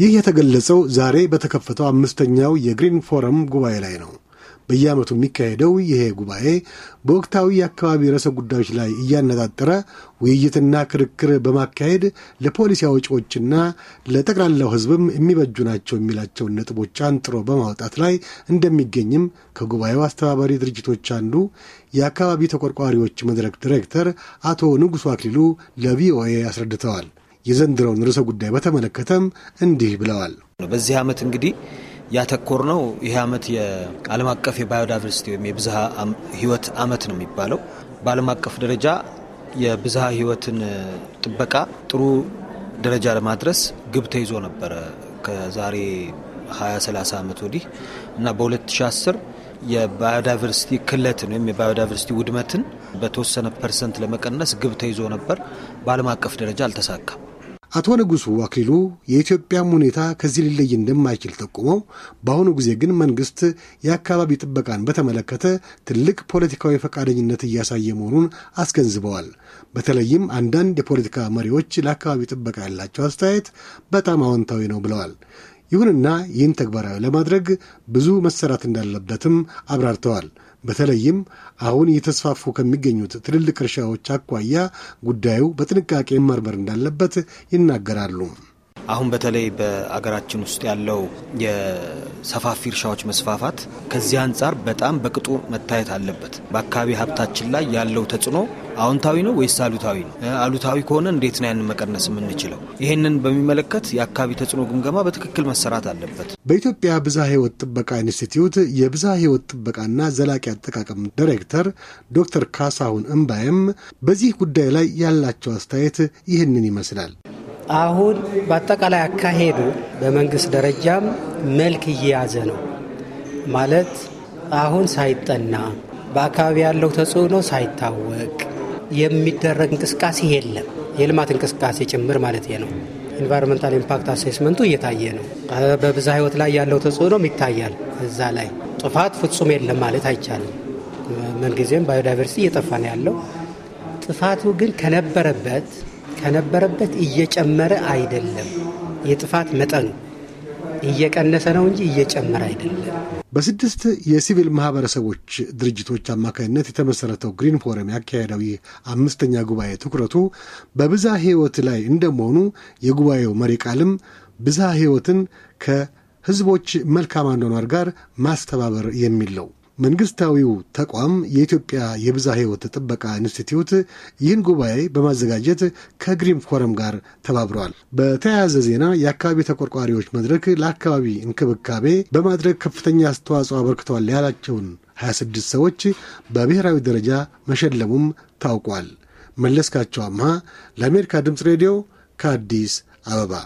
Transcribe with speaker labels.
Speaker 1: ይህ የተገለጸው ዛሬ በተከፈተው አምስተኛው የግሪን ፎረም ጉባኤ ላይ ነው። በየዓመቱ የሚካሄደው ይሄ ጉባኤ በወቅታዊ የአካባቢ ርዕሰ ጉዳዮች ላይ እያነጣጠረ ውይይትና ክርክር በማካሄድ ለፖሊሲ አውጪዎችና ለጠቅላላው ሕዝብም የሚበጁ ናቸው የሚላቸውን ነጥቦች አንጥሮ በማውጣት ላይ እንደሚገኝም ከጉባኤው አስተባባሪ ድርጅቶች አንዱ የአካባቢ ተቆርቋሪዎች መድረክ ዲሬክተር አቶ ንጉሱ አክሊሉ ለቪኦኤ አስረድተዋል። የዘንድረውን ርዕሰ ጉዳይ በተመለከተም እንዲህ ብለዋል።
Speaker 2: በዚህ ዓመት እንግዲህ ያተኮር ነው ይህ ዓመት የዓለም አቀፍ የባዮዳይቨርሲቲ ወይም የብዝሃ ህይወት ዓመት ነው የሚባለው። በዓለም አቀፍ ደረጃ የብዝሃ ህይወትን ጥበቃ ጥሩ ደረጃ ለማድረስ ግብ ተይዞ ነበረ ከዛሬ 230 ዓመት ወዲህ እና በ2010 የባዮዳይቨርሲቲ ክለትን ወይም የባዮዳይቨርሲቲ ውድመትን በተወሰነ ፐርሰንት ለመቀነስ ግብ ተይዞ ነበር። በዓለም አቀፍ ደረጃ አልተሳካም።
Speaker 1: አቶ ንጉሱ አክሊሉ የኢትዮጵያም ሁኔታ ከዚህ ሊለይ እንደማይችል ጠቁመው በአሁኑ ጊዜ ግን መንግስት የአካባቢ ጥበቃን በተመለከተ ትልቅ ፖለቲካዊ ፈቃደኝነት እያሳየ መሆኑን አስገንዝበዋል። በተለይም አንዳንድ የፖለቲካ መሪዎች ለአካባቢ ጥበቃ ያላቸው አስተያየት በጣም አዎንታዊ ነው ብለዋል። ይሁንና ይህን ተግባራዊ ለማድረግ ብዙ መሰራት እንዳለበትም አብራርተዋል። በተለይም አሁን እየተስፋፉ ከሚገኙት ትልልቅ እርሻዎች አኳያ ጉዳዩ በጥንቃቄ መርመር እንዳለበት ይናገራሉ።
Speaker 2: አሁን በተለይ በአገራችን ውስጥ ያለው ሰፋፊ እርሻዎች መስፋፋት ከዚህ አንጻር በጣም በቅጡ መታየት አለበት። በአካባቢ ሀብታችን ላይ ያለው ተጽዕኖ አዎንታዊ ነው ወይስ አሉታዊ ነው? አሉታዊ ከሆነ እንዴት ነው ያንን መቀነስ የምንችለው? ይህንን በሚመለከት የአካባቢ ተጽዕኖ ግምገማ በትክክል መሰራት አለበት።
Speaker 1: በኢትዮጵያ ብዝሃ ሕይወት ጥበቃ ኢንስቲትዩት የብዝሃ ሕይወት ጥበቃና ዘላቂ አጠቃቀም ዳይሬክተር ዶክተር ካሳሁን እምባየም በዚህ ጉዳይ ላይ ያላቸው አስተያየት ይህንን ይመስላል። አሁን በአጠቃላይ
Speaker 3: አካሄዱ በመንግስት ደረጃም መልክ እየያዘ ነው ማለት አሁን ሳይጠና በአካባቢ ያለው ተጽዕኖ ሳይታወቅ የሚደረግ እንቅስቃሴ የለም። የልማት እንቅስቃሴ ጭምር ማለት ነው። ኢንቫይሮንመንታል ኢምፓክት አሴስመንቱ እየታየ ነው። በብዛ ህይወት ላይ ያለው ተጽዕኖም ይታያል። እዛ ላይ ጥፋት ፍጹም የለም ማለት አይቻልም። ምንጊዜም ባዮዳይቨርሲቲ እየጠፋ ነው ያለው። ጥፋቱ ግን ከነበረበት ከነበረበት እየጨመረ አይደለም። የጥፋት መጠኑ እየቀነሰ ነው እንጂ እየጨመረ አይደለም።
Speaker 1: በስድስት የሲቪል ማህበረሰቦች ድርጅቶች አማካኝነት የተመሰረተው ግሪን ፎረም ያካሄደው ይህ አምስተኛ ጉባኤ ትኩረቱ በብዛ ህይወት ላይ እንደመሆኑ የጉባኤው መሪ ቃልም ብዛ ህይወትን ከህዝቦች መልካም አኗኗር ጋር ማስተባበር የሚል ነው። መንግስታዊው ተቋም የኢትዮጵያ የብዝሃ ሕይወት ጥበቃ ኢንስቲትዩት ይህን ጉባኤ በማዘጋጀት ከግሪን ፎረም ጋር ተባብረዋል። በተያያዘ ዜና የአካባቢ ተቆርቋሪዎች መድረክ ለአካባቢ እንክብካቤ በማድረግ ከፍተኛ አስተዋጽኦ አበርክተዋል ያላቸውን 26 ሰዎች በብሔራዊ ደረጃ መሸለሙም ታውቋል። መለስካቸው አምሃ ለአሜሪካ ድምፅ ሬዲዮ ከአዲስ አበባ